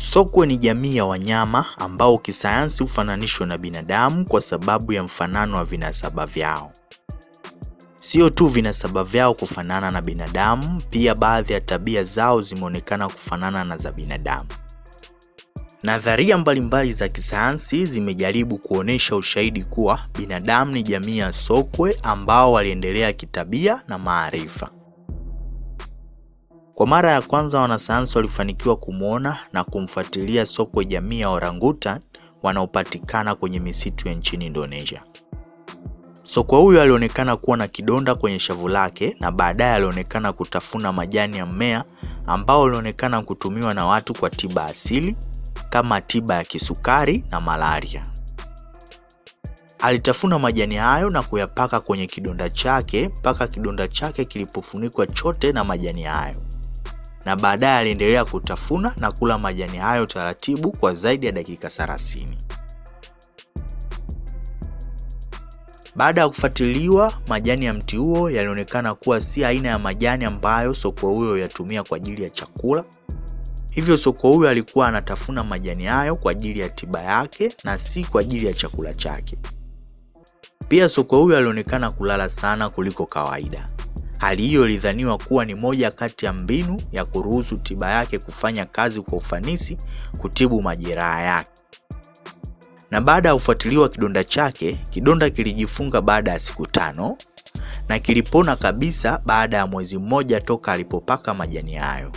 Sokwe ni jamii ya wanyama ambao kisayansi hufananishwa na binadamu kwa sababu ya mfanano wa vinasaba vyao. Sio tu vinasaba vyao kufanana na binadamu, pia baadhi ya tabia zao zimeonekana kufanana na za binadamu. Nadharia mbalimbali za kisayansi zimejaribu kuonesha ushahidi kuwa binadamu ni jamii ya sokwe ambao waliendelea kitabia na maarifa. Kwa mara ya kwanza wanasayansi walifanikiwa kumwona na kumfuatilia sokwe jamii ya orangutan wanaopatikana kwenye misitu ya nchini Indonesia. Sokwe huyo alionekana kuwa na kidonda kwenye shavu lake na baadaye alionekana kutafuna majani ya mmea ambao ulionekana kutumiwa na watu kwa tiba asili kama tiba ya kisukari na malaria. Alitafuna majani hayo na kuyapaka kwenye kidonda chake mpaka kidonda chake kilipofunikwa chote na majani hayo na baadaye aliendelea kutafuna na kula majani hayo taratibu kwa zaidi ya dakika 30. Baada ya kufuatiliwa, majani ya mti huo yalionekana kuwa si aina ya majani ambayo sokwe huyo huyatumia kwa ajili ya chakula. Hivyo sokwe huyo alikuwa anatafuna majani hayo kwa ajili ya tiba yake na si kwa ajili ya chakula chake. Pia sokwe huyo alionekana kulala sana kuliko kawaida. Hali hiyo ilidhaniwa kuwa ni moja kati ya mbinu ya kuruhusu tiba yake kufanya kazi kwa ufanisi kutibu majeraha yake. Na baada ya kufuatiliwa kidonda chake, kidonda kilijifunga baada ya siku tano na kilipona kabisa baada ya mwezi mmoja toka alipopaka majani hayo.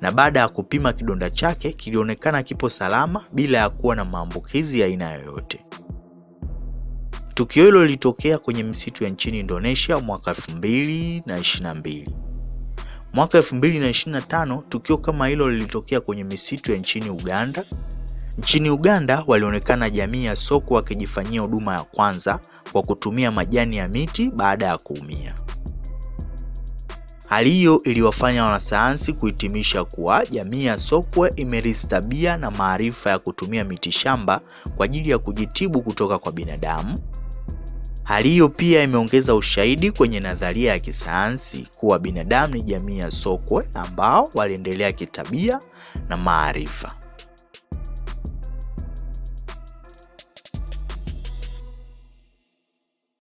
Na baada ya kupima kidonda chake kilionekana kipo salama bila ya kuwa na maambukizi ya aina yoyote. Tukio hilo lilitokea kwenye misitu ya nchini Indonesia mwaka 2022. Mwaka 2025 tukio kama hilo lilitokea kwenye misitu ya nchini Uganda. Nchini Uganda walionekana jamii ya sokwe wakijifanyia huduma ya kwanza kwa kutumia majani ya miti baada ya kuumia. Hali hiyo iliwafanya wanasayansi kuhitimisha kuwa jamii ya sokwe imerithi tabia na maarifa ya kutumia miti shamba kwa ajili ya kujitibu kutoka kwa binadamu, Hali hiyo pia imeongeza ushahidi kwenye nadharia ya kisayansi kuwa binadamu ni jamii ya sokwe ambao waliendelea kitabia na maarifa.